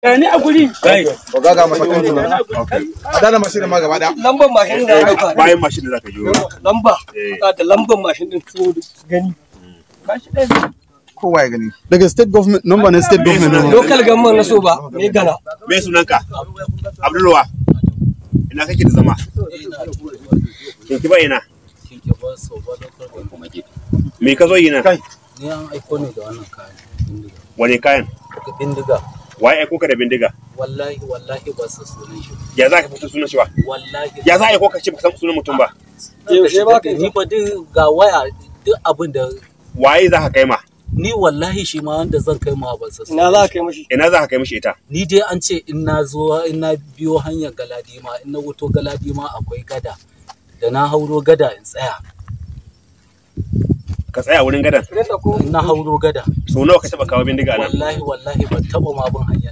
Gani a guri. Gai. Ga ga mashin ɗin tunan. A da mashin ma gaba ɗaya. Lambar mashin da ya ɗauka. Bayan mashin da za ka yi. ka eh. Da lambar mashin ɗin gani. Hmm. Gashi ɗaya. Kowa ya gani. Daga state government, number na state government. Local government na so ba, me gana. Me sunanka? Abdulwa. Ina kake da zama? Kinki ba ina. Kinki ba so ba lokacin kuma ke. Me ka zo yi nan? Kai. Ni an aiko ne da wannan kayan. kayan? Bindiga. wai aiko ka da bindiga wallahi wallahi ba san sunan shi ya za ka fito sunan shi ba wallahi ya za a aiko ka ce ba san sunan mutum ba yaushe ba ka yi. ba din ga waya duk abin da waye za ka kai ma ni wallahi shi ma wanda zan kai ma ban san ina za ka kai mishi ina za ka kai mishi ita ni dai an ce in na zo in na biyo hanyar galadima in na wuto galadima akwai gada da na hauro gada in tsaya ka tsaya wurin gadan na hauro gada so nawa ka taba kawo bindiga nan wallahi wallahi ban taba ma bin hanya